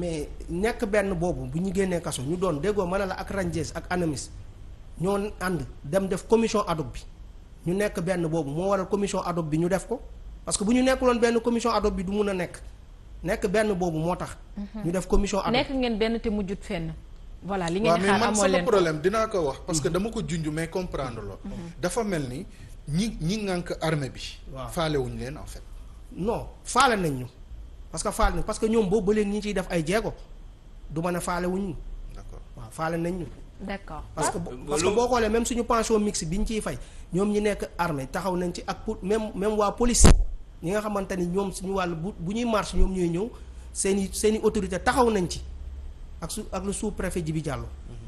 mais nekk benn boobu bu ñu génnee kaso ñu doon déggoo ma la ak Rangers ak Anamis ñoo ànd dem def commission ad bi ñu nekk benn boobu moo waral commission ad hoc bi ñu def ko parce que bu ñu nekkuloon benn commission ad bi du mun a nekk nekk benn boobu moo tax. Mhm. ñu def commission ad hoc nekk ngeen benn te mujjut fenn. voilà li ngeen xaar amoo leen problème dinaa ko wax parce que mhm. dama ko junj mais comprendre lo mhm. dafa mel ni ñi ñi ngànk armee bi. waaw faale wuñ leen en fait. faale nañ ñu. parce que faal na parce que ñoom boobu ba léegi ñu def ay jéego du mën a faale wu ñu. d'accord waaw faale nañ ñu. d'accord parce parce que boo xoolee même suñu pension mixte bi ñu ciy fay ñoom ñi nekk armée taxaw nañ ci ak pour même même waa police ñi nga xamante ni ñoom suñu wàll bu bu ñuy marche ñoom ñooy ñëw seen i seen i autorité taxaw nañ ci ak su ak lu sous préfet Djibi Diallo mmh.